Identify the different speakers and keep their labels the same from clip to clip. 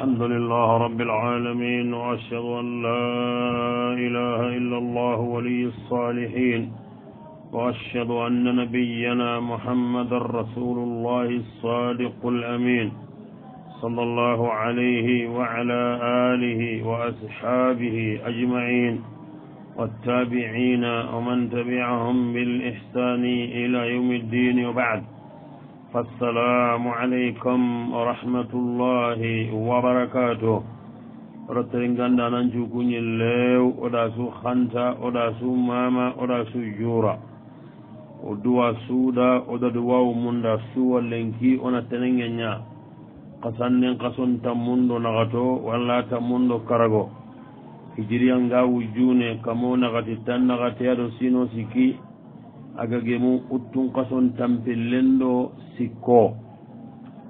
Speaker 1: الحمد لله رب العالمين وأشهد أن لا إله إلا الله ولي الصالحين وأشهد أن نبينا محمد رسول الله الصادق الأمين صلى الله عليه وعلى آله وأصحابه أجمعين والتابعين ومن تبعهم بالإحسان إلى يوم الدين وبعد فالسلام عليكم ورحمة الله وبركاته rottirin ganda nan jukuñi lew oɗa su xanta oɗa su mama oɗa su jura o duwa suuda oɗa du wawu munda suwa lenki ona tenenge ña kasannin kason tammundo naxato walla tammundo karago hijiriyan ga wujune kamo naxati tan naxateyaɗo sino sikki aga gemu uttun kason tampillendo sikko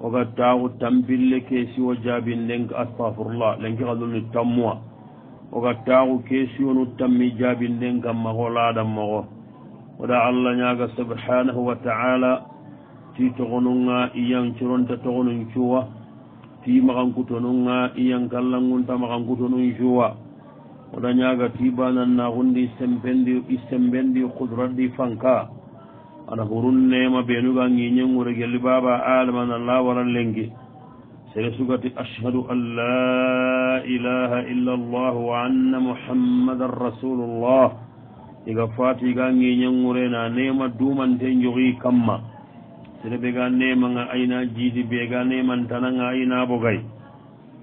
Speaker 1: ogattaku tampille kesiwo jabinden astafirullah lenki kalunni tammuwa ogattaku kesiwonu tammi jabinden kan mago ladan mago oda allah ñaga subhanahu wa taala ti togonunga iyancironta togonun cuwa ti makankutonunga iyankallangunta makankutonun cuwa oɗa ñaaga tibananagundi sembendi isembendi kudratɗi fanka aɗa hurun nema benuga ñiñenŋure gelli baba alamana la wara lengi sere sugati ashhadu an la ilaha illa allah wa anna muhammadan rasulullah iga fatiga ŋiñenŋure na nema dumante jogi kamma sere ɓega nemaga ayna jiidi ɓega nemantanaga ayna bogay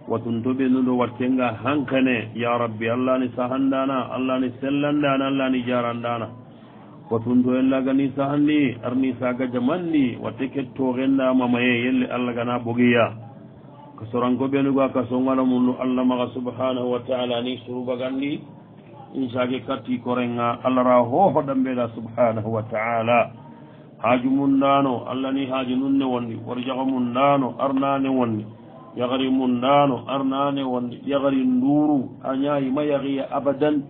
Speaker 1: watun toɓenunɗo wat kenga hankane ya rabbi allah ni sahandana allah ni sellandana allah ni jarandana watun to en lagani sahandi arni saga jamandi watte kettoxenda mamaye yelle allah gana ɓogiya ka soranko ɓenuga ka songana munu allah maxa subhanahu wa taala ni surubagandi insake katti korenga allah ra hohoɗambeɗa subhanahu wa taala haaju mun ndano allah ni haaju nun ne wonni warjaxo mun ndano arnane wonni yagri munnaano arnaane wonde yagri nduuru a ñaayi ma yagiya abadan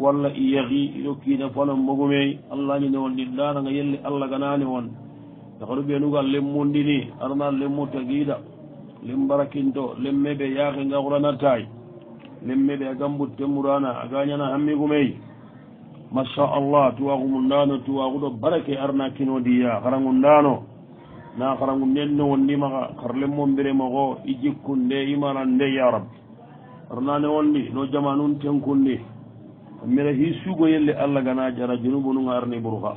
Speaker 1: walla i yagi iɗo kiina fonon mogumey allah ñine won ɗinnaana nga yelle allah ganaane won yagru ɓeenuga lemmundini arna lemmuta giiɗa limbarakinto lemmeɓe yaake ngaguranatay lemmeɓe a gambut temmurana a gañana hammigumey macha allah tuwaku munnaano tuwakuɗo barake arna kinodiya harangu ndaano na xarangu nden no wonndi maxa xar le mo mbire moxo i jikkunde i marande ya rabbi xar nane wonndi no jamanun tenkundi mire xi sugo yelle allah gana jara junubunung arni bourxa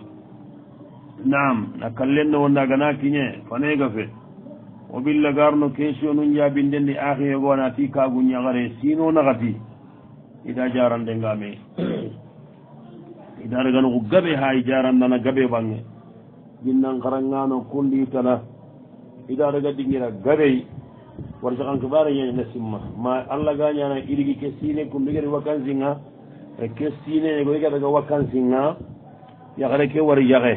Speaker 1: nam na kallen no wonnda gana kiñe fanegafe o billa gar no question nu njabinden ndi axiyegowana ti kagu ñaxare sino naxati ida jarandengame ida reganoxu gaɓe ha i jarandana gaɓe bange jinnan xarangano kundi tala ida daga dingira gabey war saxan kibara ñañ na simma ma allah ga ñana irigi e ke sine kum ɓegari wakansi nga ke sine ne koɗega daga wakansi nga yaxare ke war yaxe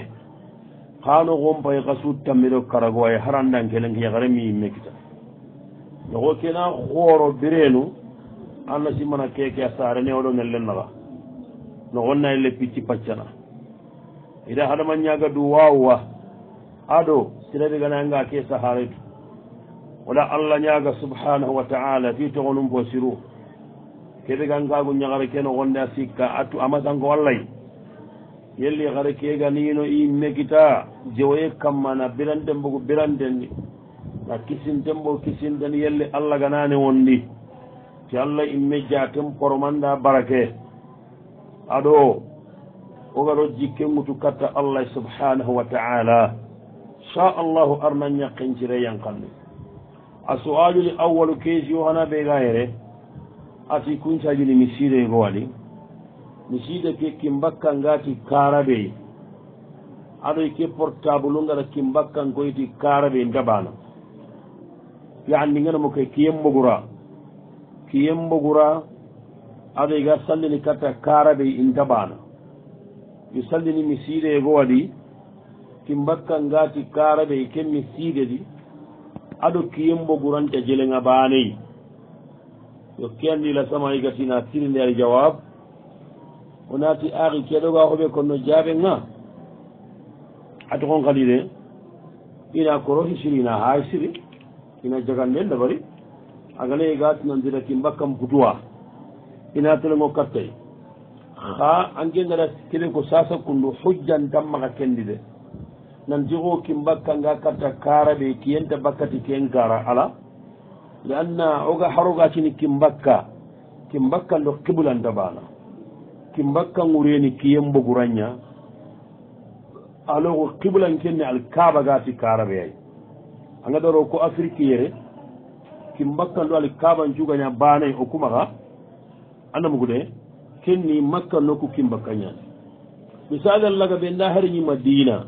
Speaker 1: xano xompay xa e suut tammido karagoaye harandan kelenke yaxare miyimme kita yoxo kena xooro birenu anna simmana keke a sare ne oɗo nellen naxa noxon nayle picci paccana ida hadama ñaga du wawwa aɗo siraɗiganaga ke saharetu wala allah ñaga subhanahu wa taala ti togonum fo siru keɓe gangagu ñahare keno gonde a sikka attu amasango wallay yelli hare keganino i mekita jewoye kammana biranden bogo biranteni a kisinten bo kisinten yelli allah ganani wondi ti allah imme jaten poromanda barake aɗo oga ro jikkenŋutu katta allah subhanahu wa taala sa allahu arna ñakkencire yankanni a suwaluli awalu kesio hana ɓega yere ati kuncajini misidego wali miside ke kimbakka ngati karaɓey aɗoy ke portable ngara kimbakkan koyti karaɓey dabana yani ndiganamo ke kiyemmbogura kiyemmbogura aɗoy ga sallini katta karaɓey in dabana mi sallini mi siiɗee go waɗi ti mbakkal ngaati kaaraɓe e kemmi siide ɗi aɗo kiyembo guranta jelenga baaneyi yo keanndila sama yigatina tiri nder jawab wonaati aaki keɗoga hoɓe konno jaaɓe ga ato kon kadi de ina koroti siri ina haa siri ina jagan nden da bari aganayi e gaatinandira ki mbakkam putuwa ina telengo kattayi ha angengara ah, kele ko sasa kundu hujjan tan maga kendide nantigo kimbakka nga katta karaɓe kiyenta bakkati ken kara ala leanna oga harogacini kimbakka kimbakka ndo kibulanta bana kimbakka ngureni kiyen boguranya alogo kibulan kenne alkaba gati karaɓe ay anga daro ko afrique yere kimbakka ndo alkaban cugaña banay okumaha anamugude kenni makka nokku kimba kañani misagal laga ɓe nda hariñima dina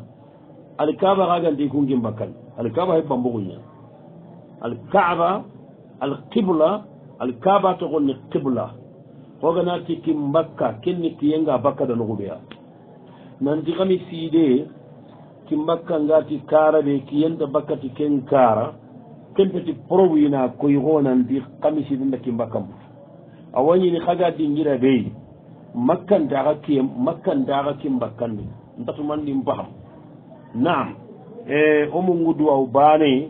Speaker 1: alkaba xaganti kungimba kan alkaba he bambuguña alkaba alqibla alkaba toxon ni qibla hogana tiki mbakka kenni tiyenga bakka da nuguɓe a nanti xami siide kimbakka ngati karaɓe kiyenta bakkati ken kara kempeti probuina koyxo nanti xami siidenda kimbakkam awañini xaga dingiraɓey makkan daxa kiye makkan daxa ki mbakkandi ndatumandi mbaxam naam e o mungu duwaw baane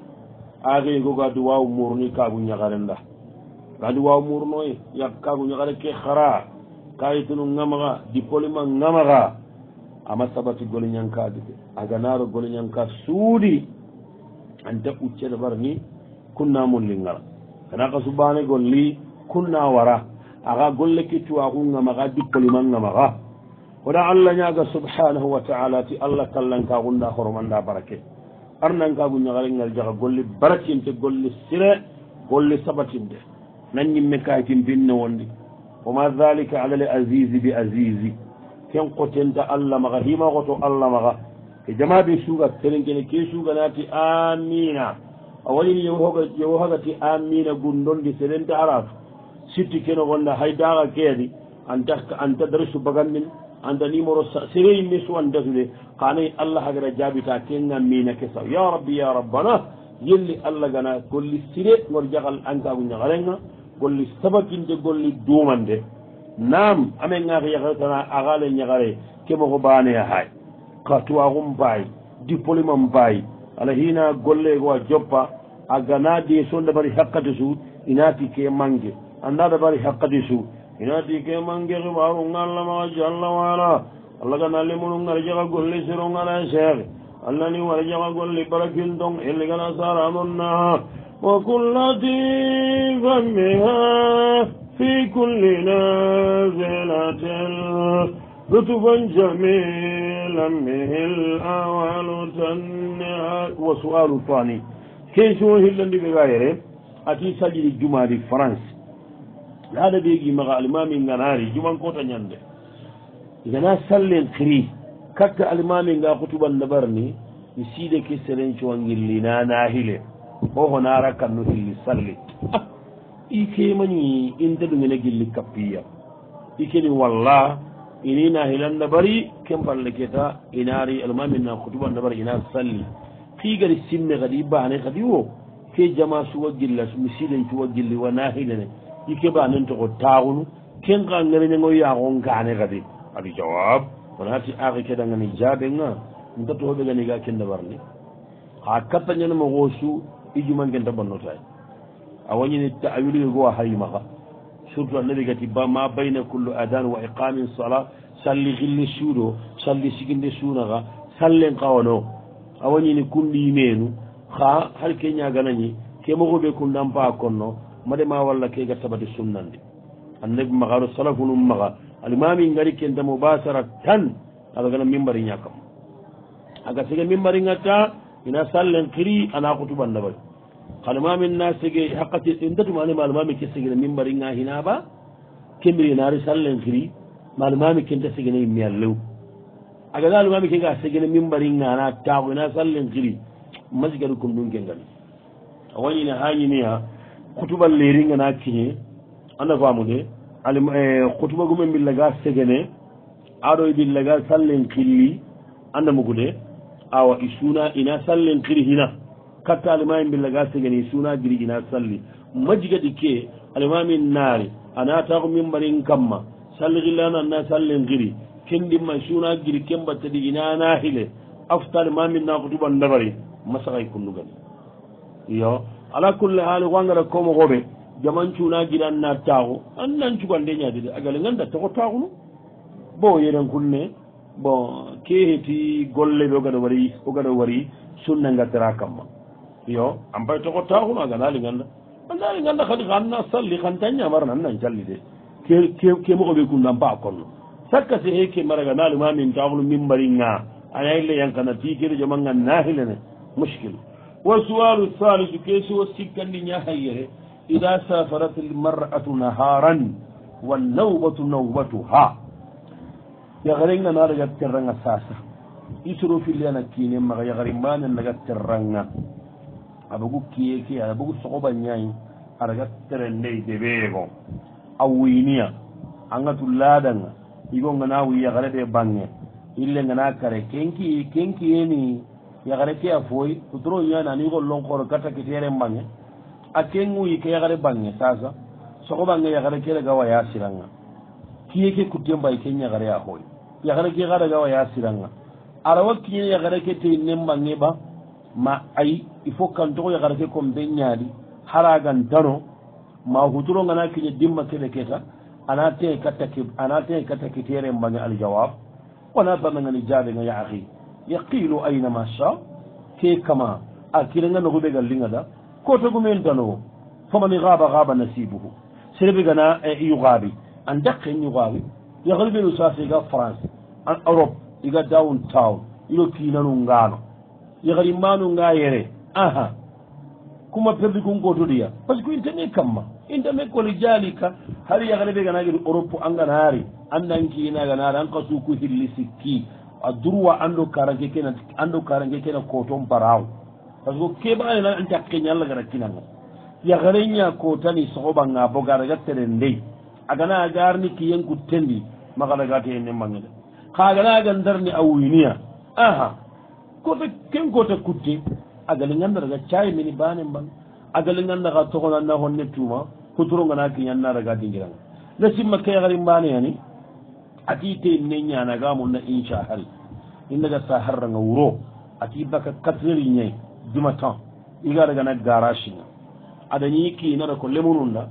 Speaker 1: axeegoga duwaw murni kaagu ñaxaren da ga duwaw murnoye yag kaagu ñaxare ke xara kayitunu ngamaxa dipolima ngamaxa ama sabati goliñanka dite aganaro goliñanka suudi anta ucceda bar ni kunna mulli ngala kana xa subane golli kunna wara axa golle kittuwaxunga maxa dikkolimanga maxa oda allah ñaga subhanahu wa taala ti allah kallankaxunda horomanda barake arnankagu ñaxarengal jaxa golli barakinte golli sire golli sabatinte nan ñimme kaytin binne wondi oma dalika ala le asisi bi asisi ken qotenta allah maxa xima xoto allah maxa ke jama be suga teren kene ke suganati amina a wayin yewo hagati amina gundondi serente aratu siddi keno gonɗa hay daaga keedi an dak an tadarisu bagandin anda numéro sereyi me su an dasude hanayi allah hagara jaabita kenga mina ke saw ya rabbi ya rabbana yelli allah gana golli sire gor jagal ankagu ñagarenga golli sabakinde golli duumande nam amengaki yagaretana agale ñagare kemoko baaneya hay ka tuwagum baayi diplôme m baayi ala hina golle gowa joppa a gana deso ndabari hakkate su inati ke mangue annaɗa bari hakkadisu ina tike mange kibaru ngalla maga jalla wala allah ga nalli munu ngar jaga golli siru ngana sheikh allah ni war jaga golli barakin dong illi gana saranun na wa kullati fammiha fi kulli nazilatin rutuban jamilan mihil awalu tanniha wa su'alu tani kesu hillandi be gayere ati sajidi jumadi france laaɗa ɓeegi maga alimami nganaari jumankoota ñannde igana sallen kiri kakka alimami nga hutuban ndabar ni i siide ki seren cowangilli na naahile hoho naara kanno hilli salli i kemañi inta ɗumene gilli kappiya i keni walla ini naahilan ndabari ken palle keta inaari alimami na hutuban ndabar ina salli kii gadi sinne kadi baane kadi wo ke jama suwa gilla mi siiden cuwa gilli wa naahilene i keɓanen toxo taxunu ken xa ngeriñango yaaxo ngaane xadi adi jawab onati axi keɗangani jaɓenga nta toxo ɓeganiga ken ndaɓarni xa kattañanama xoosu i jumanken ta bannotaye awañini ta awiluge goa hayimaxa surtout annabi gati ba ma bayna culle adan wa iqamin sala salli xilli suuɗo salli siginde suunaxa sallen xawano awañini kunɗimenu xa har ke ñaganañi ke moxoɓe kunɗan paa konno madema walla kega tabati sunnandi annabi maga aɗo salahunum maga alimami gari kenta mobasara tan aga gana mimbari ñakam aga sege mimbari gatta ina sallen kiri ana kutuba annabaju alimami na sege hakkati indatuma anima alimami ke segene mimbari ga hinaba kembiri naari sallen kiri ma alimami kenta segene imiya lew aga ga alimami kega segene mimbari ga ana taako ina sallen kiri masigadi kundunke ngani awañine hañiniha kutuba leriŋana kiŋe anda faamude eh, kutuba gume mbilla ga segene aɗo billa ga sallen killi anda mugude awa isuna ina sallen kiri hina katta alimami mbilla ga segene isuna giri ina salli majiga ɗikke alimamin naari anataako min mbarin kamma salli xillana anna sallen kiri kendinma isuna giri ken battaɗi ina naahile afta alimamin na kutuba ndabari masaxa i kundugani iyo ala kulle hali wangara komogoɓe jamancuna guiɗan na taaxu an nancugande ñadide a gale ngannda tago taaxunu bo yeren kunne bon ke heti golle ɓe ogaɗa wari ogaɗa wari sunna ngaddira kamma yo an bay tago taaxunu a ganali ngannda andali ngannda kadi anna salli xanta ñamarana an nan callide ke ke moxoɓe kunna mba konno sakka se heke maraga nalimamin taaxunu min mbari nga ana yilla yankana tikede jamanga nahilene muskile wa suwalu halisu ke siwo sikkandi ñahayyere ida safarat lmaratu naharan wa naubatu naubatuha yakarenga naraga terranga sasa isoro filiana kine maga yakarimbane naga terranga abagu kiyeke abagu sokoba ñayi araga terendey debeego a wiiniya angatu laadanga igo ngana wi yakarede bange ille ngana kare kenki kenkiyeni yagare ke a foyi sutoro ñanani yigo lonkoro gatta ke tere bange a ke guyi ke yagare bange sasa soko bange yagare kele gawa ya siranga kiye ke kutten bay ken yagare a hoy yagare ke gada gawa ya siranga arawa kiye yagare ke te nen bange ba ma ay il faut kantogo yagare ke kon ben ñaadi hara gan dano ma hutoro ngana kiye dimma kele keta ana te katta ke ana te katta ke tere bange aljawab wana bangangani jaade nga ya ahi yaqilu aynama sha ke kama a kirangandoxu ɓega linga da ko togumen danowo famani xaba xaba nasibuhu sereɓegana e, yuxaɓi a ndaqen yuxaɓi yaxalu ɓeno sase ga france an europe iga down town ino kinanu ngano yaxali manu nga yere aha kuma perdi kun kotodiya parce que intene kamma intame koli jalika har yaxaleɓegana geɗi europe anganari an nan kinaganari an qa suku hilli sikki a durwa ando karanke kena ando karanke kena koton paraw parce que keɓane na antakke ñalla gara kinanga yagarenña kotani soxoɓanga boga daga tere ndey agana garni kiyen ku tendi maxa dagate ene mbangeda xa agana agandarni a winiya aha kote ken kota kutte a galinganda daga cayi mini bane mbang a galinganda xa toxonanna honne tuma futuronga na kiñanna ragadingiranga lasimma ke yagarin mbaneyani atiite ne ñanagamo na inchahari i daga sa harranga wuro ati baka quatre heure ñayi duma temps iga dagana garasinga adañi kiinada ko lemununda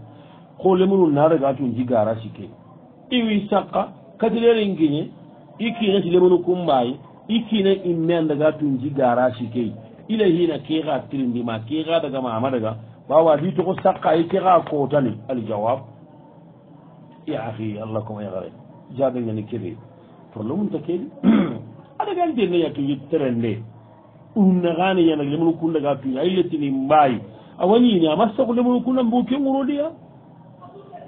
Speaker 1: ko lemunu nadaga tunji garasi ke iwi saqa quatre heure ngiñe i kiinati lemunu kumbayi i kiina imme andaga tunji garasi ke ila hina keexa tirindima keexa daga mama daga bawa li toko saqa i e keexa kootani aljawab yaaki allah koma yagare jaadañani keɓe probléme um takeeɗi aɗagani de naya to yid tren nde ɗum nagani yanag lemol kundaga tuy hay lettini mbaawi a wañiini a marsa ko lemol kunda mbo kenguroɗiya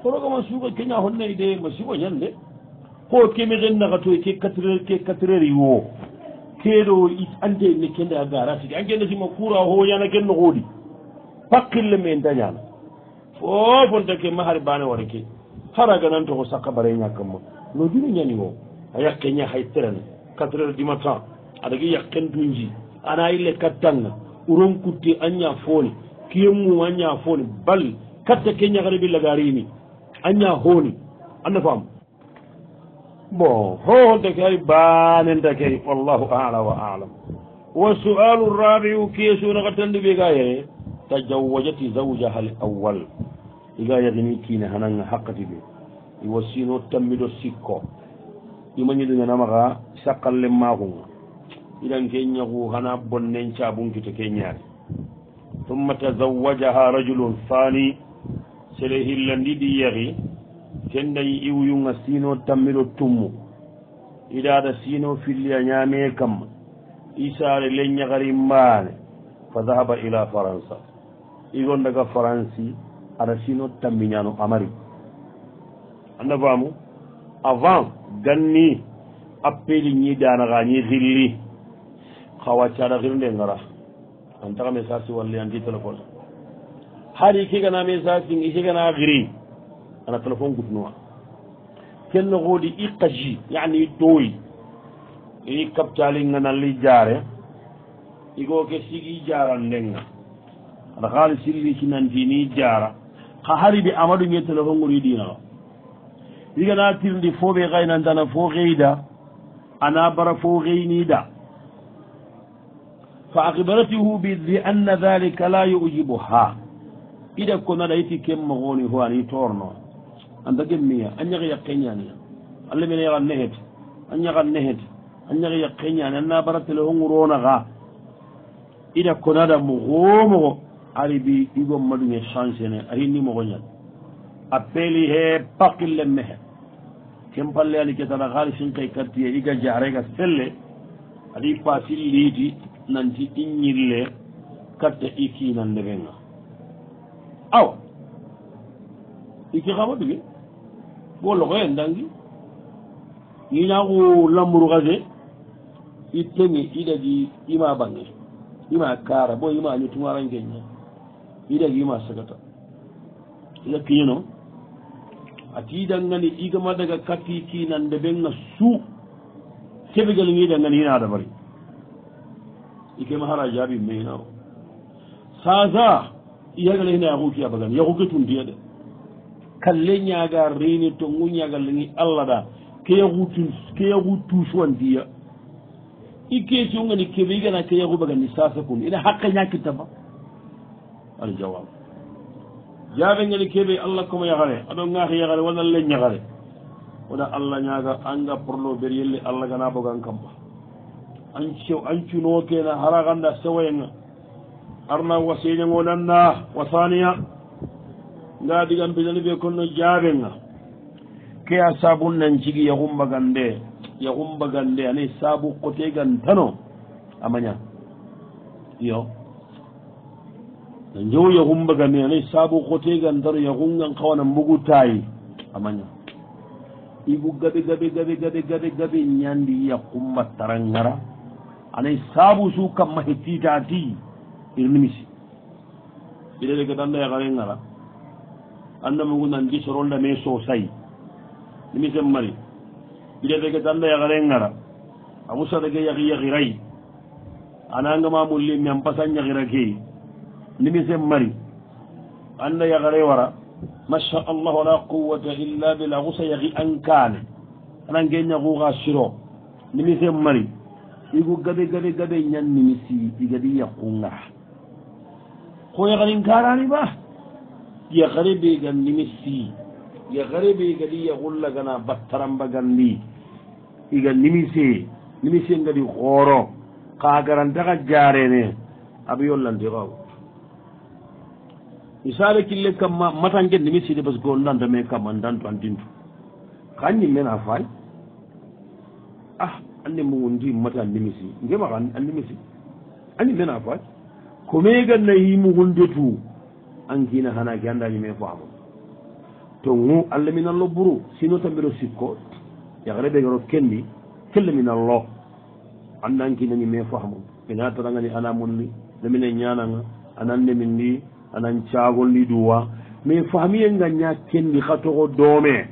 Speaker 1: horogama suuga keña honnay de masiba ñande ko keme ken naga to ke quatre heure ke quatre heure yo keeɗo ante ne kende a gara sigi ankende sima coura ho ñana ken nogoɗi pakkille me dañana fofontake mahar bane wara ke haragananto ko sakka bare ñakkamma no juni ñani o a yakkeña hay e tren quatre heure du matin aɗagi yakken duji ana yille kattanga uronkutti anña fooni kiyen mum anña fooni bal katta keñagare billagarini anña hooni anna faamu bon hohontake hay banentake wallahu ala wa alam wa sualu rabiu kiyesunaka tandi ɓega yere tajawajati zawjaha l awal igayagini kiine hananga hakkati ɓee iwo sino tammido sikko imañiɗuñanamaxa sakkallen maxunga iɗan ke ñaxu xana bonnen cabunkite ke ñaari tumma tazawajaha rajulun fani sere hillandi ɗi yaxi ken dayi iwuyunga sino tammiɗo tummu iɗaɗa sino filliya ñame kamma isare lenñaxari mbaane fa zahaba ila faransa igon daga faransi aɗa sino tammiñano amari annabamu avant ganni appeli ñi danaxa ñi xilli xa waccaɗa xirnde ngara antaxa message walle anti téléphone hari kegana message ing ikegana xiri ana téléphone gutnuwa kelle xoodi i xaji yani dooy i kaptali nganalli jaare igo ke sigi jaarandenga ada xaalisirri ci nantini jaara xa haribe amadu ñe téléphone ngori dinaxa igana tirndi fo ɓe gaynantana fo geyda ana bara fo geynida fa akbaratihu bi anna dhalika la yujibuha ida ko naɗa yiti kem mogoni ho ani torno anta gemmiya a ñaga yakke ñaniya allah mene yagan nehete a ñagan nehete a ñaga yakke ñani anna bara tele o nguronaga ida ko naɗa mogo mogo ari bi igon maɗuge changene a hinni mogo ñat a peeli he pakille mehe ken palle ali ketana haalisin e kay kartiye iga jaare ga selle aɗi paasi liiti nanti iñille katta i kiinandeɓenga awa iki xama ɗuge bo loxoyen dangi iñaku lamburu xase i tenge i ɗagi ima bange ima kaara bo ima ñutumaranke ña i ɗagi ima sagata iga kiñeno ati i igama daga ki nan da na su kebe galin dangani yana da bari ike mahara jabi mai na saza iya galin yana ya hukiya a bagani ya huki tun diya da kallon ya ga rene tungun ya lini allah da ke ya hutu suwan diya ike shi ungani kebe gana ke ya hutu bagani sa kun ina hakan ya kitaba ba aljawab jaaɓe ngadi keɓe allah komo yagare aɗo gaaki yagare wala len yagare wona allah ñaaga anga porno ber yelle allah gana bogan kamba ancew ancunoo kena hara ganda sewoyenga arna waseñango nanna wasaniya nga digan bidani ɓe konno jaaɓenga ke a sabun nan cigi yahumbagan de yahumbagan de ani sabu kotegan tano amaña iyo a jow yahumbaga me anayi saabu koteegan daro yahungan kawana mbugutaayi amaña ibu gaɓe gaɓe gaɓe gaɓe gaɓe gaɓe ñandi yahumma tara ngara anayi saabu su kamma he titaati irnimisi ɓirele gaɓe annda yahare ngara annda mugunan di sorolda me sosay nimisen mari ɓirele gaɓe annda yahare ngara a musarage yahi yahirayi anangama mulli mian pasan yahirakeyi nimise mari anna yagare wara masha allahu la quwata illa billah kusa yagi an kane anan ge siro nimise mari igu gabe gabe gabe ñan nimisi igadi yaqunga ko yagarin karani ba yagare be nimisii nimisi bee be gadi yagulla gana battaramba gandi iga nimise nimise ngadi xooro xa jaareene jarene abi yollanti xaw mi saabe killel kamma matanguel nde mi siide pas go nanda men kamma ndantu andintu kanñim men a faay ah anne mowo ndi mata ndemisi ndema ka andemisi andi men a faay ko mai gannayimo wonde to ankina hanaki andañi men faamo to ngu allah minallo buro sino tambiro sikko yakre ɓegero kenndi kelle minallo anda ankinani men faamo mina tarangani ana monni nde mine ñananga anan ndemin ndi anan cagolni duwa mais famiye ganna kendi xa toxo dome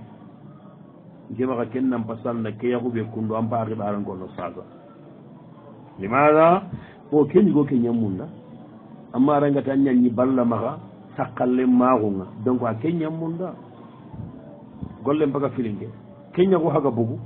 Speaker 1: gemaxa ken nampa salna ke yaxuɓe kundo anpa axiɓarangono saga limaga fo kenigo ke ñammunda amma arangata ñañi balla maxa saqallen maxunga donc a ke ñammunda gollen paga filinke ke ñaxu xaga bugu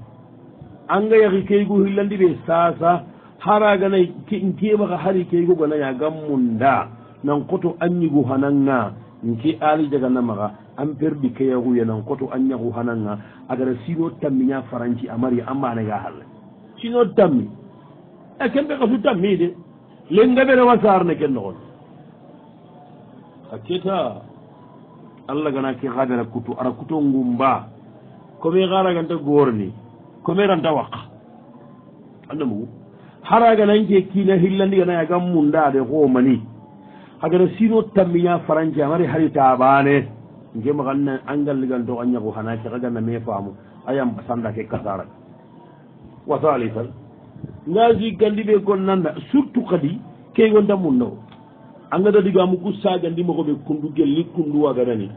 Speaker 1: anga yaxi keygu xillandi ɓe sasa xaraganay nkemaxa xari keygu gonaya gammunda nan koto anñigu hananga nke ali jaga namaga an perdi keyaguye nan koto anñagu hananga agara sino tammi ña faranci amari anmanega halle sino tammi e ken ɓe kasu tammi de lengaɓenama sarne ken nogon a keta allah gana ke xabera kutu ara kuto ngumba komme xaraganta goorni komme ranta waqa anna mugu xaraganan ke kiina xillandigana yagan munda de xo mani hagara sino tammiña faranci amari harita ɓane ngema xanna angalligal to añaku xana ke xaganna me faamu ayam sanda ke kasarak wasalisal nga gigandi ɓe gonnanda surtout kadi keyo ndamunnao angada digamu ku sagandi moxoɓe kundu gelli kundu wagadani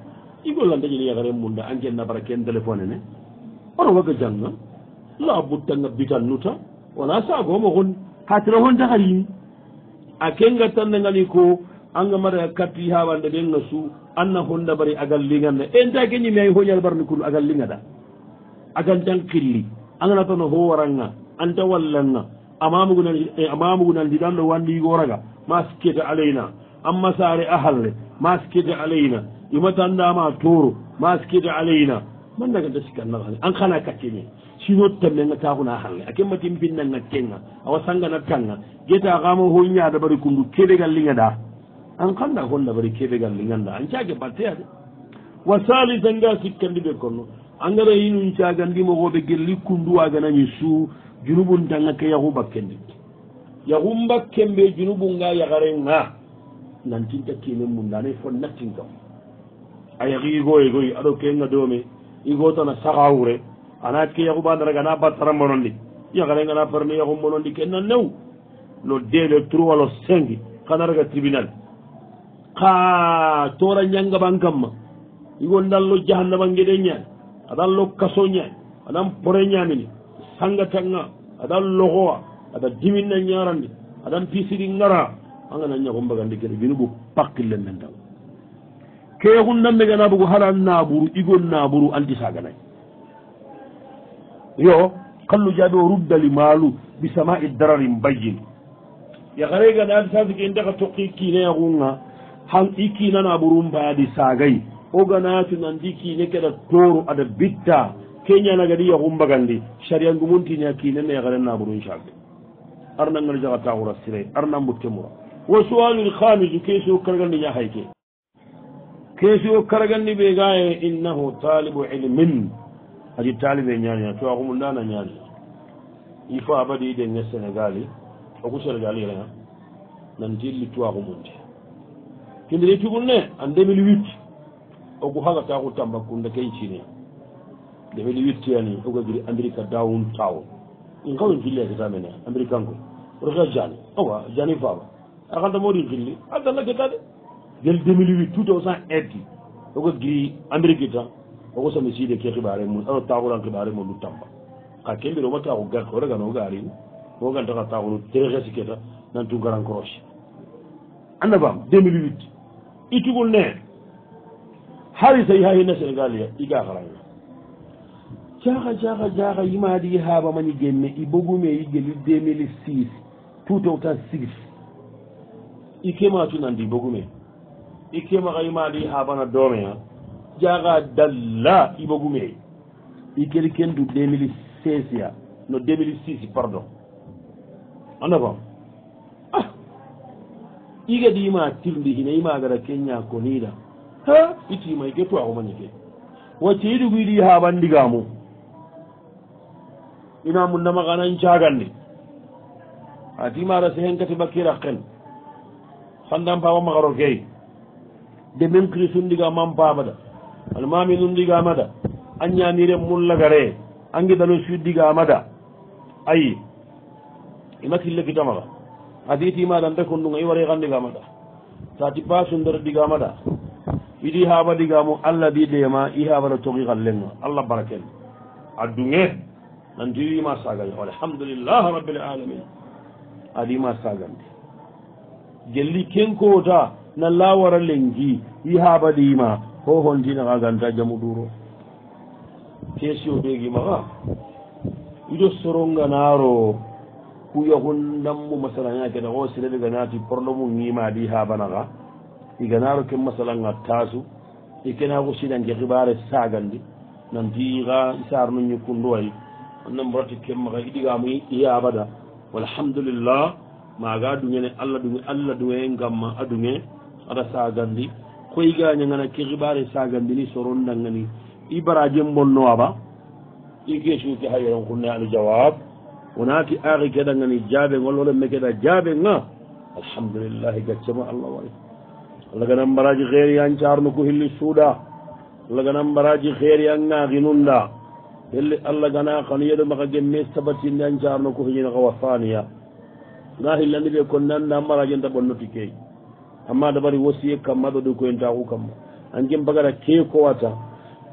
Speaker 1: igollandañini yaxare munda angenna bara ken téléphone ene ono waga janga labuttanga bitan nuta wona sagomoxon xatira xontaxalini a ke ngartannangani ko anga mbaɗa katti hawande ɓen no su anna honda mbari agal liganda en ta keñimi ay hoñal mbarni kon agal ligada agal jangkilli angana tano howaranga anta wallanga amamugunan eh, amamugunan ndiɗanɗo wandi yigoraga ma sikkete alayna amma saare ahalle ma sikkete alayna imatandama toro ma sikkete alayna mandagata sikkannaa an kana kacceñe sinottamenga takuna halle a kembatin pinnanga kenga awa sangana kanga geta kama ho ñada mbari kundu kelegal ligaɗa an kanda honda bari keɓegal ɗi ganda an caage batteade wa salisan ga sikkandi ɓe konno angara yinum caagandimogoɓe gel likkunduwaganañi suu junubun tanga ke yahu bakkendi yahum bakken ɓe junubun nga yahare nga nantinta kimen mundane fo nattin kam a yahi igoye goy aɗo kenga dome igotana saha wure ana ke yahubandaraga na battara mbonondi yaharenga na parne yahu mbonondi kennan new lo de le trois lo cinq kanaraga tribunal ha tora ñangaɓan kamma igo ndallo jahannabangeɗe ñaani aɗan lo kaso ñaani aɗan pore ñamini sangatanga aɗan logowa aɗa diminna ñarandi aɗan pisiri ngara angana ñako mbagandi geɗe binubu pakkille men daw kehun nammeganabugu haɗan naburu igo naburu andisaganayi yo kallu jaabi o ruddali maalu bisama i dararin bayyin yakaregana andisasi ke ndeka tokki kineyakunga han i kiinana ɓurum mbaadi saagay oganaatu nan ndi kiine keɗa tooru aɗa bitta keñanaga ɗi yahumbagandi sharia ngumuntini a kiine ne yaxarenna ɓurum caagde arnangan jaxataxura siray arnan mbutke mura wa sual lxamisu keesio karagandi ñaxayke keesio karagandi ɓe gaye innahu talibu ilmin aji talibe ñaanina to axumu ndana ñaanina i fa abadi i denge sénégali oku sénégal yirenga nanti li towaxumunti kene reti ɓol ne en 2008 ogu haga taku tambakunde kay cine 2008 yani ogagiri amérique down town in kawen gilleke tamene américain ko oroka jani owa jani faba akanta mawɗin gilli addalla gettade gel 2008 tout au cent aidi oga giri amérique tan oko sami siide ke xibare mum ano takuran xibare mum nu tamba xa kemɓir oma taku garke oregano garin oganta xa takunu tre xesi keta nantu garan croche anabam 2008 itugul ne harisa yi hahinna sénégal ya i gaaxaraña caaxa caaxa caaxa yimaadi yi haabamani génne i bogume yi géli 2006 toutautan six i kemaatu nandi i bogume i kemaxa yimaadi yi haabana doomea jaaxa dalla i bogume i geli ken du 2006 ya no 2006 pardon anda fam ɗiga ɗima tirdi hina imagara kenña ko niida ha itimay ke tuwaxumañake wacce yiɗuguiɗi haɓandigamu ina munnamaxanan caganɗe atimara sehenkati bakkira ken xandan paɓa maxaro key de men christ undigaman paɓada almamin undigamada a ñaniren mullagare angidalo suɗdigamada ayi ima killekitamaxa aditimaɗanta konnuga i wari kan ɗigamaɗa sa ti pa sundere ɗigamaɗa iɗi haɓa ɗigamu allah ɗi lema i haɓaɗa togi kallenga allah barakel adduge nanti ima sagaje alhamdulillah rabbil alamin aɗima sagande gelli kenkota na lawara lengi i haɓa ɗima ho hontinaka ganta jamu duro tesio ɓegimaka iɗo soronganaro kuyahun nammu masalaga gana o sirebe ganati porlomu yimadi ha banaga iganaro ken masalaga tasu ikena kusinange hibare sagandi nantiga isarno ñikkunduway annan borati kemmaga iɗigamu iyabada walhamdulillah maga duŋene allah duŋe allah duŋe ngamma a duŋe ada sagandi koyigañagana ke hibare sagandini soron dangani ibaraje bonno aba i gesuke hayeron kunne ani jawab wonaati aaki geɗangani jaabe ngol wole me geɗa jaabe ga alhamdulillahi gaccema allah waɗi allah ga nambaraji heeri an carnu ko hilli suuɗa allah ga nambaraji heeri an gaaki nunɗa helli allah gana kano yeɗo maka gemme sabatinde an carnu ko heñino ka wasaniya ga hillandi ɓe kon nanda maraji nta ɓonnoti keyi amma dabari wasiye kamma ɗo ɗo koyentaku kamma an gem bagata kekowata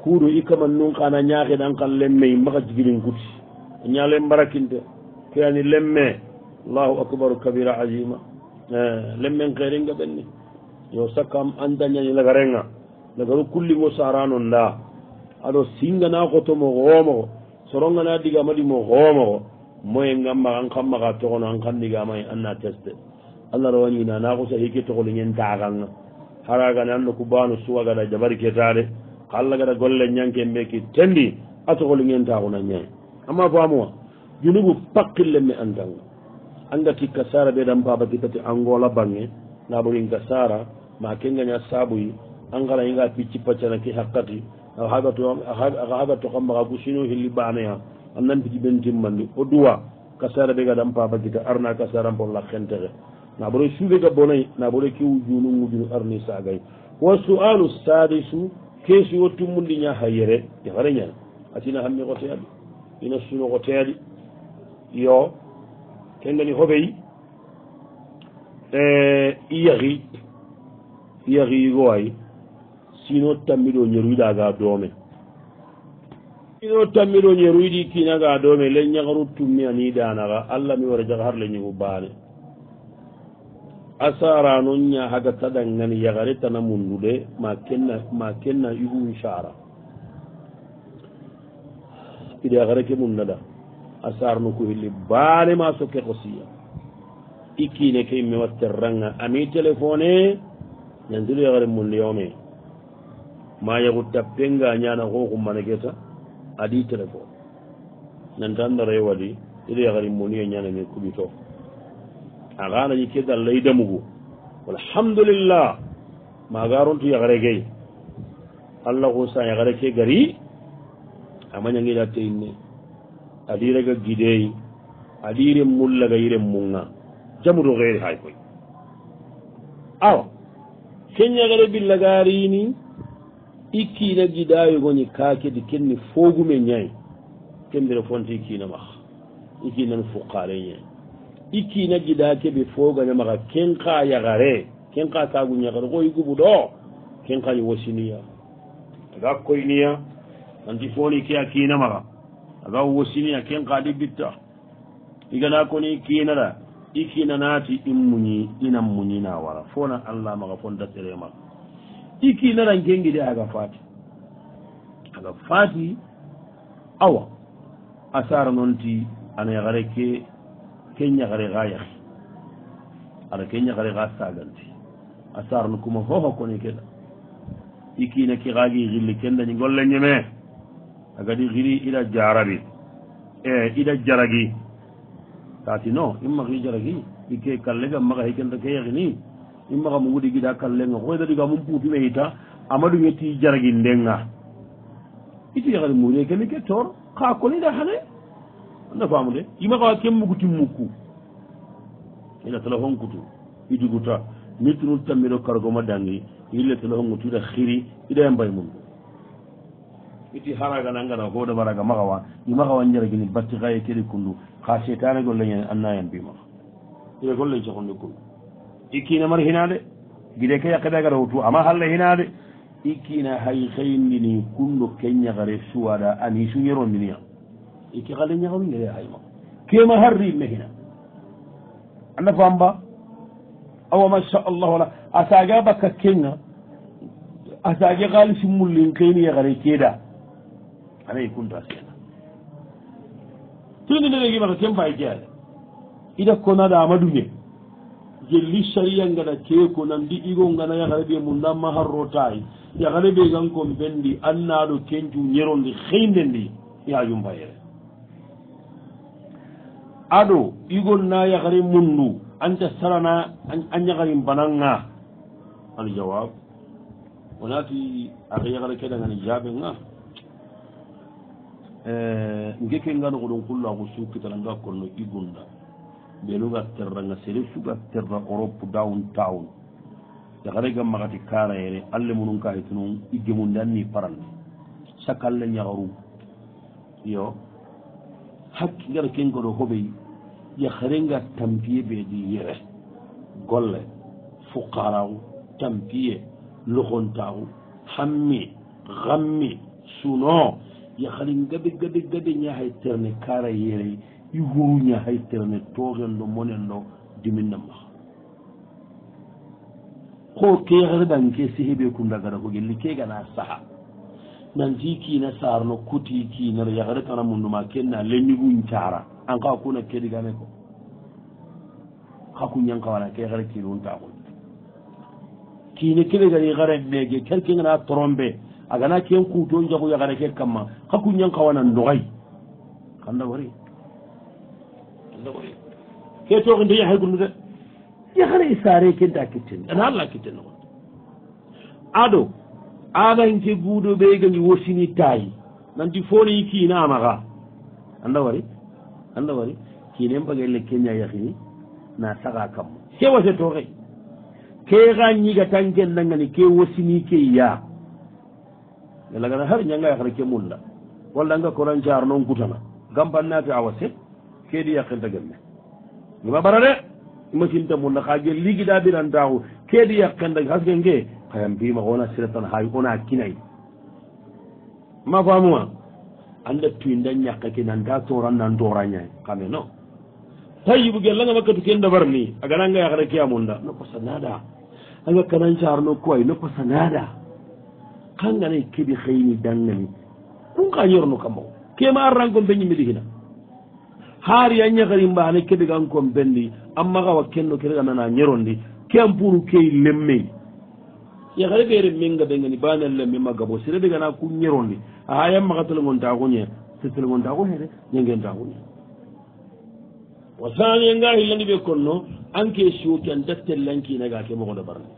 Speaker 1: kuuɗo ikkama nun kana ñaaheɗan kan lemmeyi maka jigilin kuti ñaale mbarakinte fiyani lemme allahu acbaru kabira azima eh, lemmen keerenga ɓenni yo sakkam andañañi laga renga lagaru kulligo sarano nda aɗo singanako tomo xoomoxo soronngana digamaɗimo xoomoxo moye ngammaxan xammaxa toxono an xan digamay anna teste allah rawañina naxu sa hike toxoliñen taxanga haragane an no kubano suwa gada jabari ketade ka allah gada golle ñangke mbeki tendi a toxoliñen taxuna ñay amma faamuwa junubu pakkille mi andanga anga tikka sara ɓeɗan baba gitati angola bange naɓoginga sara ma kengaña saabuyi angala inga picci paccanaki hakkati aaga haga to kammaga ku sino hilli baneya annan piji ɓen timmandi o duwa ka sara ɓe gaɗan baba gita arna ka sara mpo lakkenteke naɓore suvega bonayi naɓore kiwu junu mujunu arni sagayi wa sualu sadisu keesi wo timmundiña hayere ifareñana asina hammi xoteyaɓi ina sunugo teeɗi yo ten dani hoɓey eh, iyahi iyahiigo way sino tammiɗo ñeruyɗaga doome sino tammiɗo ñeruyɗi kinaga doome leñagaru tummi ani danaga allah mi wara jaga har leñigu baane asara non ña haga taɗan ngani yagare tana mundude ma kenna ma kenna igun sara tiɗia xereke mum naɗa a sarnu ku hilli baalema soke xosiya i kiine ke imme wa terranga ami téléphone e ñantilu yaxere mun yome ma yaxu tappenga ñana xooxumanegeta adi téléphone nanta ndara ye wadi ilu yaxari mun ye ñanani kuɓito axa nañi ke dalla i damugu alhamdulillah maga runtu yaxere gey allahu sa yaxere ke gari amañangila teinne aɗiraga guideyi aɗiren mullaga yiren munga jamuto heeri hay koy awa keñagere billagarini ikkina giɗayogoni kakedi kenni fogume ñayi kembire fonti ikkina maha ikkinani fukkare ñayi ikkina giɗa keɓe fogana maha kenka yagare kenka sagu ñagare ko yigubu ɗo kenkani wasiniya aga koyniya anti foni ke a kinamaxa aga wosini a ken xadi bitta igana koni kinara i kinanati i muñi ina muñina wara fona allah maxa fonta ikina i gengi da aga fati aga fati awa a nonti ana yare ke ke gare xa ara kenya ke ga xa saganti a nu kuma hoho koni keda i kiina ki gagi gilli kenda ni golle ñeme agadi xiri ida jarabi e ida jaragi kati no imma xi jaragi ike kallega maxa xikenta ke yaxini imaxa mugu digida kallenga xoyta diga mum puutume yita amaɗuge ti jaragi ndenga iti yaxadi murie kene ke toor xa koniɗa xane anda famu de imaxawa ke muguti mukku ida téléphone kutu i duguta mitunu tamiro cargoma dangi ille téléphone ngutu ida xiri ida mbay mum iti haraga nangana hoɗo maraga magawa i magawa jaragini batti ha e keɗe kundu ha setane golleñe annayan bimaa ine gollen cohonde kundu ikkina mar hinade guide ke yakkede gara hotu ama halla hinade ikkina hay hayndini kundo keñagare suwaɗa ani suñerondiniya ikki hale ñagawingede hayma kema harri imme hina anda famba awa masha allahu ala a saga bakka kenga a sage halisi mullin keyni yagare keeda anayi kunta sena tini nde gimata ken fay jeyaade ida konaɗa amaduñe jelli saria ngata keeko di igo ngana yakare ɓe mu ndamma harro tayi yakare ɓe gan kon ɓenndi annaɗo kencu ñerondi heynde ndi yaajum bayere ya. aɗo igon na yakare mundu anta sarana an yakarin bananga aljawab anu wonati aka yakare keɗangani jabe ya, nga Eh, ngeke ngano ko ɗon kullo ako sukkitana nga konno igunna ɓeluga terra nga sere suga terra europe down town yakare gam makati karayere allah munon kayita noon igge mun nde anni paralle chaque allah ñagaru yo hakki gara kenko ɗo hoɓey yakarenga tampiye ɓeeɗi yere golle fuqarau tampiye lohontau hammi gammi suno yahani gadi gadi gadi ñahay terne kara yeeray yigoru ñahay terne togen ɗo monen ɗo diminna maha ko keerdanke si heɓe ku ndagara ko gelli kegana saaha nanti kiina sarno kuti kiinere yahare kana munduma kenna lenñigoncara an ka kuna kedigane ko ha ku ñankawana kexere kinuntaku kiine kedigani hare mege kerkegana trombe agana ken kuto jago yagara ke kamma ka kuñan kawana ndogay kandawari ke toxi nde yaxay gunu de yaxana i saare kenta kitten ana alla kitten noxo ado anañke guudo ɓeygangi wosini taayi nanti fooni i kiina amaxa andawari andawari kiine mbage le keña yaxini na saxa kamma ke wase toxe ke xa ñigatan ken nangani ke wosini ke yaq yalagana har ñanga yakhara ke mulla walla nga koran thiar non kutana gambannati awa set keedi yakinta gemme ima bara de imasinta mulla ha ge ligida birantaxu keedi yakkenta haske nge xayam bima ona siretan hay ona kinay ma famuma anda tuinda ñakka ke nanta sora nantora ñay xame no tayib gellanga makkatu ken dabar ni aganannga yakhara ke amunda nokosa nada anga kanan thiar no kuway nokosa nada kanganayi e keɓi hayni dangani kun ka yorno kamba kema arrankon beñimiɗi hina haariya ñahari mbaane keɓe gankon bendi amma kawa kenno kerega nana ñerondi ken pour key lemmey ñahare ɓeere minga ɓengani banen lemmima gabo sere ɓegana ku ñerondi aha yam maxa telegontaku ñe setelegontaku hede ñangentaku ñe wa saniyenga hillandi ɓe konno anke sio ken dattellankinaga ke moxo ndo barni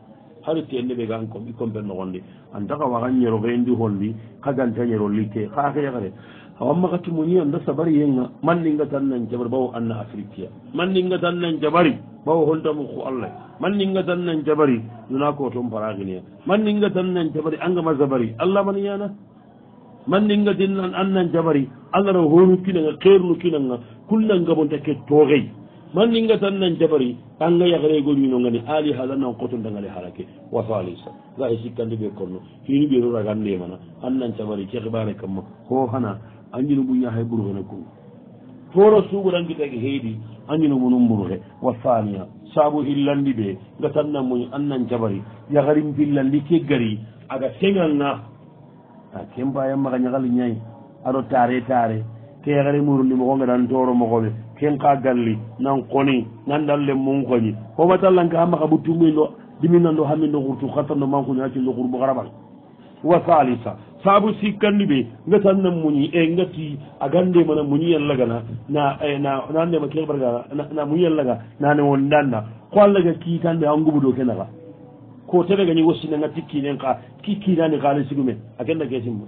Speaker 1: haruti en neɓe gan kom ikom ɓenno gonde antaka wagan ñero xeendi holli xaganta ñero litte xa xeexre awan maxati muñi anda sabari yenga manninga tan nan jabari bawo anna africia manninga tan nan jabari bawo holtamu xu allah manninga tan nan jabari nuna ko toon paraxinea manninga tan nan jabari angama jabari allah maniyana manningatinnan an nan jabari allah no honu kinanga xeernu kinanga kullangabonta ke tooxey man ninga tan nan jabari anga yagare gomino ngani ali hala nan qotodangale harake wafa alayhi salam ga e sikkande ɓe konno hini ɓeɗo ragande e mana an nan jabari kehɓare kamma ho hana anjino ɓuña hay ɓuruhene kon toro suɓuranki tagi heydi anjino munum ɓuruhe wafania saabu hillandi ɓe nga tan nan muñi an nan jabari yagarin billandi keggari aga tenganga a ken mbayammaga ñagali ñayi aɗo taare taare keyagare murundi mogo ngaɗan toro mogoɓe ken ka galli nan koni nan dalle munkoñi hobatallanke hamma ka ɓuttumin ɗo diminnanɗo hamminɗo gurtu kattanɗo mankuñi haccillo gurbo haraɓal wa salisa saabu sikkanni ɓe gatan nan muñi e gatti a gandema na muñi en lagana na e, nandema kebarga na muñi en laga nane won danda ko allaga kiitanɓe ha ngubu ɗo kenaka ko teɓe gañi wossinanga tikkinen ka kikkinani kalay sigumen a kenda kesimma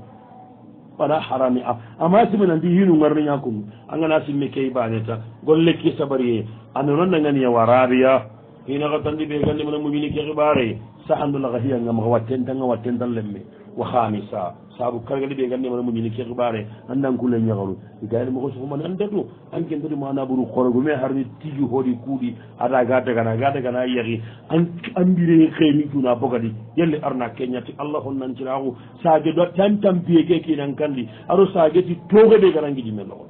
Speaker 1: fana harami a amma simina ndi hinu ngarni ñakum a ngana simmi ke ibaneta golle ki sabarie a nona nangania warabiya hinaxa tandi ɓe gandi mana mumini ke xibare saxandu laxa hiyangama a wattentanga watten tan lemme wa hamisa saabu kargale ɓe ganndi mana mumine kekɓare anndan kule ñagaru gayni mo kosi fomani anndatu an ken tati mana ɓuru korgo mais harni tigi hooɗi kuuɗi ada ga dagana ga dagana yaki an anmbire xeeni cuuna bogadi yalle arna keñati allah hon nancirahu saage do tan tampiye ke kinan kandi aɗo saageti toge ɓe gara ngiɗi men lohol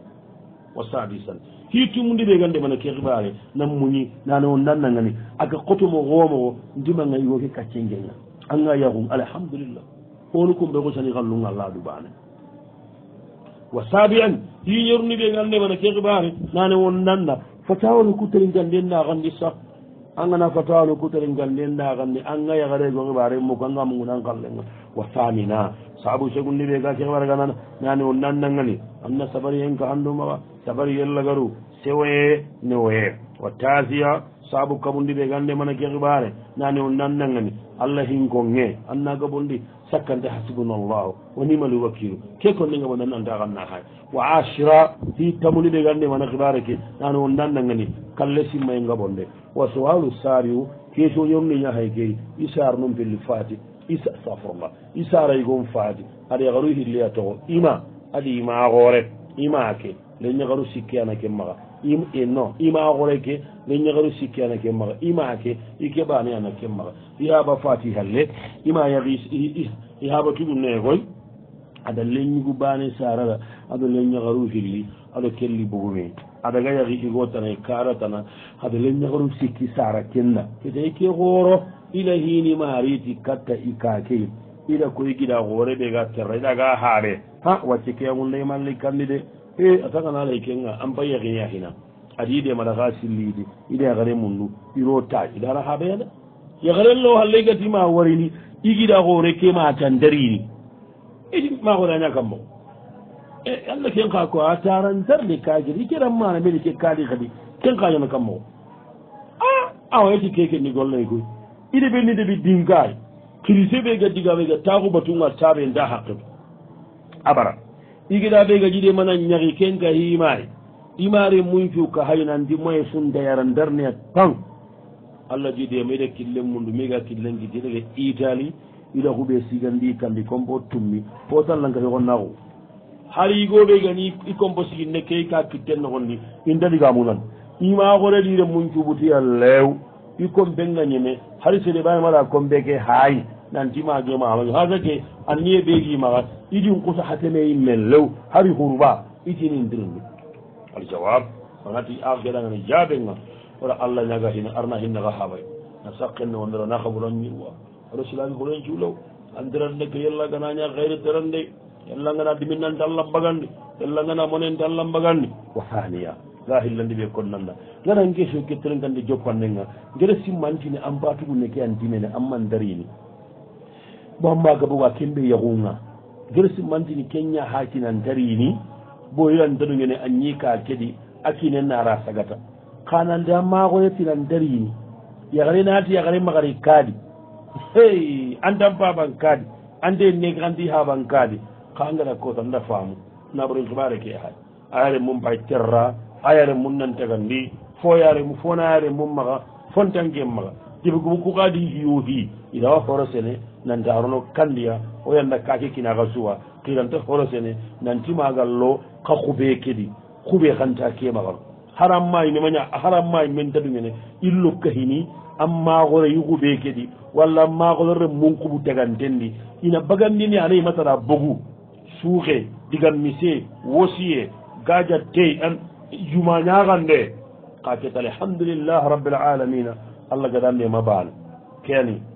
Speaker 1: wa sadisan hitimundi ɓe ganndi mana kekɓare nan muñi nane on nannangani aga qotomo womoo ndimanga yooke kacce ngenga anga yahum alhamdulillah onu kumɓe ko cani kallunga laadu bane wa saabi an yiyeruni ɓe ngal neɓana ke xibare nane won nanna fatawano kuttarin gal nden ndaxanndi sax a ngana fatawano kuttarin gal nden ndaxanndi a nga yaxareego xibare mukanga mugunan kallenga wa samina saabu segunni ɓe ga ke xibare ga nana nane won nannangani anna sabari en ka handumaxa sabari yellagaru sewoye ne woye wa tasiya saabu kabundi ɓe ga ndemana ke xibare nane on nannangani allah hinkonge annaga bondi sakkande hasibuna llahu wa nimal wakilu ke ko ndenga mo nanndantaxanna xaye wa ashira fi tamulide gande mana xibare ke nan o nannangani kalle simmay ngabonde wa sowalu sariu keso yorneña xay kei isar num pelli fati isa safrla isara yigom fati aɗa yaxaru xilleya toxo ima aɗi ima xoore ima ke le ñaxaru sikke ana ke maxa im ino imaxore ke ne ñaxaru sikki ana ke maxa ima ke i ke ɓaane ana ke maxa yaaba fatiha le ima yaxis yaaba cugu ne koy ada le ñugu ɓaane sarara ada le ñaxaru filli aɗo kelli bugume adaga yaxi igo tana e kara tana ada le ñaxaru sikki sara kenna kete ke xooro ila xiini maariti katta i kake ida koy giɗa xoore ɓega terra idaga haaɓe ha wacce ke angu ndeymanli kandi de e a tagana alay kenga an bayyakinya hina adi ide mada ka silliidi ida yagare mundu iro taji dara habeya de yagaren lo hallay gati ma warini igida hoore ke ma tandarini idi e ma horeaña kam mo e allah ken ka ko a taran tar de kajiri ikeran mana mbeni ke kaali kadi ken kañana kam mo a awa eti keke ni gollay koy ide ɓenni de ɓe dinkaay kirise ɓe gaddigaɓe ga taku batunga taɓe nda haqqe abara igida ɓega jiɗe mana ñaki ken ka himari imari muncu ka haynandi moye sun dayaran darne pan allah jiɗe meɗa killen mundu mega killen gidi ɗaga italie iɗa huɓe sigandi kandi compo tummi fo tallanka hegonnaku har igoɓe gani i compo siginne ke ka kitten nogonni in daɗigamunan imaxore ɗire muncuɓutiya lew i compenga ñeme hari sede ɓanemaɗa compe ke hayi nantimajo mamaƴo ha sake an niye ɓeegimaxa idin kusa xa teme yin men lew hari xurba itinin dirni aljawab fanati a geɗangani jaɓenga wara allah ñaga hin arna hinnaxa xaɓay na saqene wonera na xaɓuran ñirwa aɗo silami xuren culew an diranɗe ke yella ganaña xeyre terande yellangana diminnante allahmbagandi yellangana monente allahmbagandi waxaniya ga xillandi ɓe konnanda ngarangue so ke terengande jopannenga ngere simmantine an mbatugu neke an dimene an mandarini bamba gabuga kembe yahunga gersi mantini kenya ha kinantari ni boyirantanu gene a ñika kedi akine nara sagata kanande a maxoye tinantari ni yahare naati yahare maxare kaadi hey antan faban kaadi ante neganti haban kaadi ka ngara kota nda faamu naɓorin xibare ke hay ayare mum pay terra ayare mum nantagandi fo yare mu fona yare mum maxa fontanke maxa jefe gubu kuxadi yoofi idawa foro sene nanti arono kandiya o yanda kake kinaga suwa kiranta horo sene nanti magal lo ka kube kedi kube kanta ke magal haram mai ne manya haram mai men tadu ne illu kahini amma gore yugo be kedi walla amma gore mun kubu daga tendi ina bagandi ni anai masara bugu suke diga mise wosiye gaja te an juma nyagande kake ta alhamdulillah rabbil alamin allah gadan ne mabal kani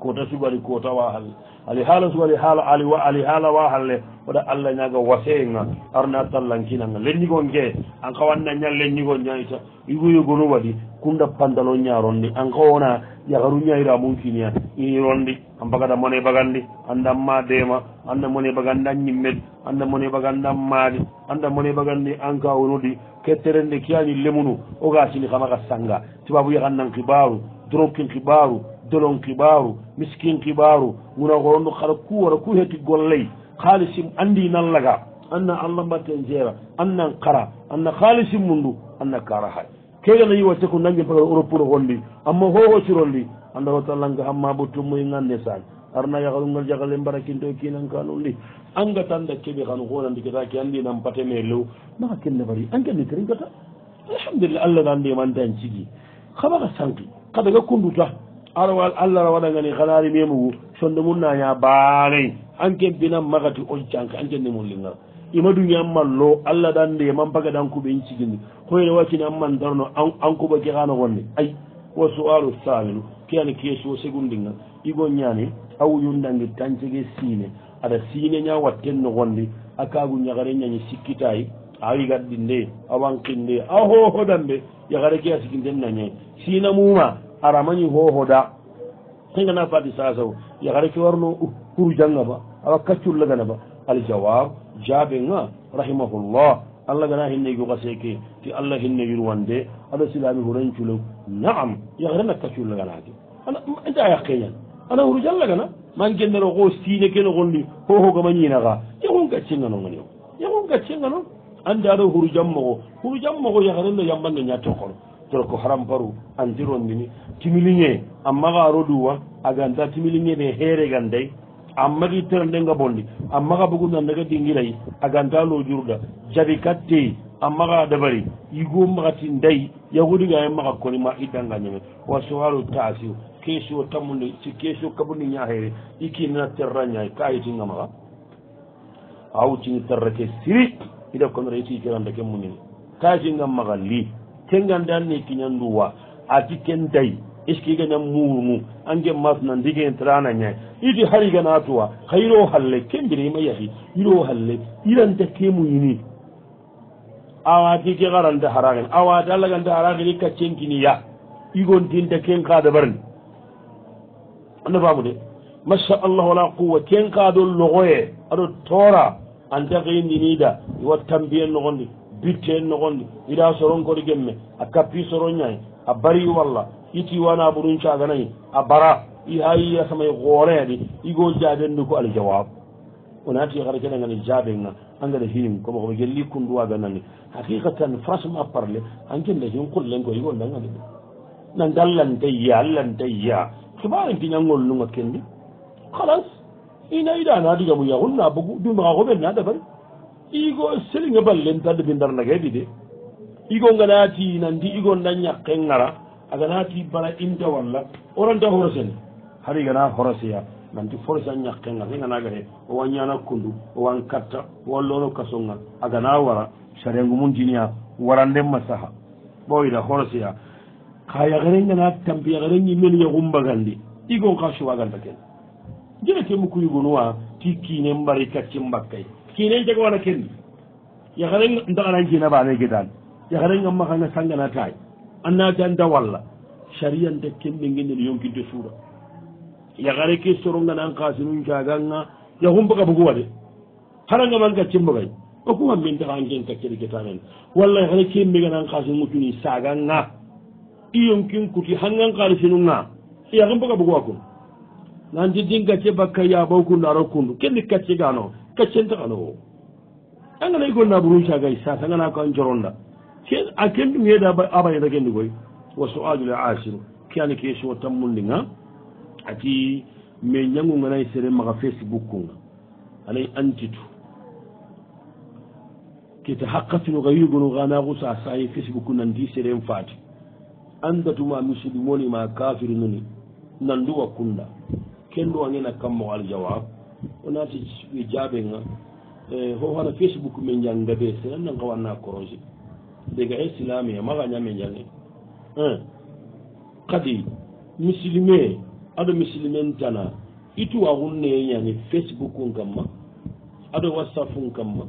Speaker 1: kota sugari kota wahal ali haala sugari haala ali wa ali haala wahalle oɗa allah ñaga waseyenga arna tallankinanga lenndigon ke an kawanna ña lenndigon ñayita yuguyugonu waɗi kunda pantalon ñarondi an kawona yakaru ñayira mum finiya ini rondi an bagata mone bagandi anda ma deema anda mone bagandi an ñimmed anda mone bagandi an maadi anda mone bagandi an kawonudi ketterende kiyani lemunu oga sini kamaka sanga tubabu yakan nan kibaru dronkin kibaru dolon kibaru miskin kibaru guna gorondu xara ku wara ku heti golley xaalisim andi nan laga anna anlambaten gera annan qara anna xaalisim mundu anna kara hay kegana yiwate ko nange pagal europeur gondi amma hoho sirondi anda wata langa hamma botu muy ngande san arna yagalu ngal jagale mbarakinto e kinan kanundi angatanda kebe xan xonandi keta ke andi nan pateme lew maa kenne bari angani tiringata alhamdulillah allah na andi e mantan cigi xabaga sanki xadaga kunduta arwal allah ra waɗangani xanaari memugu sonde mum naña baaley anke bina magati on canke anke ni mum lingal ima duña mallo allah dan nde man paga dan kuɓe in cigindi hoyre wacini an man darno an kuɓa ke xano gonne ay wa soalu samilu ke ani keesuo segundingal igo ñani awuyundangi tan cege siine aɗa siine ña watten no gonde a kagu ñagare ñañi sikkitayi awi gaɗɗin nde awankin nde a hohodan de yagare ke a sikinten nañayi siina muma aramani hohoda hegana fadi sasawo yahara kewarno uh, kurujanga ba awa kaccullagana ba aljawab jaɓenga rahimahullah allah gana hinneyigo gaseke ti allah hinneyirwande aɗa silami hurencule naam yahrena kaccullaganake anda yakkeñan ana hurujanlagana man gennero ko sine kene gonni hohogamañinaga yahun gaccengano gani yahun gaccengano andi aɗa hurujanmogo hurujanmogo yahrenno yambanno ñattokono tel ko haram paru antironndini timiliŋe a maga aro duwa aganta timiliŋe ne heere ganday a magi terande nga bondi a maga bugunda ndaga dingiray aganta lojurda jabi katte a maga dabari yigo magati nday yahudigaye maga koni ma iddanga ñeme wa sowalu taasiw keso tamundi si keso kabundi ñaheere i kinina terra ñay ka yitinga maga a wuccini terra ke siri i def konrei sikirandake munini kayitinga maga lii kengande an ne kiñanduwa ati ken dayi est ce que gana murunu angen masna ndigen trana ñay idi hari gana tuwa hayro halle kembirima yahi iro halle iranta kemu yini awati ke garanta haragen awati allaganta haragen i kaccen kini ya igontinta ken kadabarni anda famu de masha allah wala quwa ken kado logoye aɗo tora anta hayindinida iwa tambiye nogondi bitte en nogondi ida soronkodi gemme a kappi soroñayi a bari walla iti wana burun caganayi a bara i ha yiya samay gooreyadi igo jaabendi ko aljawab onati hara kede ngani jaabenga angada hinim comme koɓe gelli kunduwaganandi haqiqatan franchement parle ankenda hin qullenko igoldangadi na ngallantayya allantayya kibaren piñangol lunga kendi halas ina idanadigamuyaxulna bogu dumaxa xoɓenna dabari igo seliga ballen tadde bindar nage di de igo ganati nandi igo dañakke gara a ganati bara inta walla oranta horosene hari gana horoseya nanti forse a ñakke gara hegana gare o wañana kundu o wan katta walla ono kasoga a gana wara sarengu mum diniya warandenma saha ɓoyda horoseya ka yagaren gana tampi yagaren yimmen yagumbagandi igon ka suwaganta ken jeete mukuyugunuwa ti kine mbari kacci mbakkay kiine jega wana kenn yaxare ndo ana jina baane gidan yaxare nga maxa nga sangana taay anna ta nda walla sharia nte ken ne ngi nen yonkinte suura yaxare ke soronga nan xaasinun caaganga yaxum baga bugu wa de xaranga man gacci mbogay oku ma min taxa ngen kaccedi ke tamen walla yaxare ke mbega nan xaasin muccuni saaganga i yonkin kuti hangan xaalisinunga yaxum baga bugu wa kun nanti din gacce bakka yaabo kundu aro kundu kenni kacci gaanoo kaccenta ala o anganayi e gon naburuncagay e sasangana ko an coronda a kendum yeeda abayeda kendi koy wa soadul asiru kiyani question tammundinga ati mais ñangunganayi e sere maga facebook kunga anayi antitu kete hakkatinoka yigono ganaku sa sayi facebook nandi seren faati andatuma musidimonima kafirinoni nandu wa kunda kendo angena kammo aljawab onati ɓe jaaɓenga eh, ho hana facebook men jangga ɓe senan nan ka wanna corroge daga eh, islami a maga ñame jange eh. kadi misilime aɗo misilimen tana ituwa hunneye ñani facebook un kamma aɗo whatsapp un kamma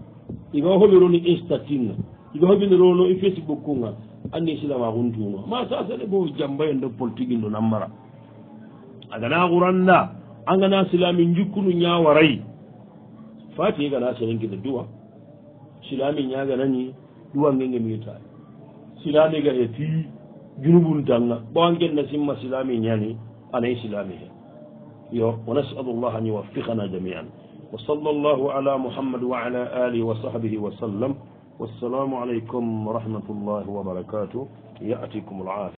Speaker 1: iga hoɓironi instatinga iga hoɓinirono i facebook unga anni silama huntuno ma sasane bo jambayen do politique in do nammara agana xuranda an gana silamin jukunu ya warai fati gana sanin gida duwa silami nyaga nani duwa ngenge ganga silami ga ya ti junubun danga bawan gen na simma silamin ya ne silami ya yo wa nas'alullaha an yuwaffiqana jami'an wa sallallahu ala muhammad wa ala ali wa sahbihi wa sallam والسلام عليكم ورحمة الله وبركاته يأتيكم العافية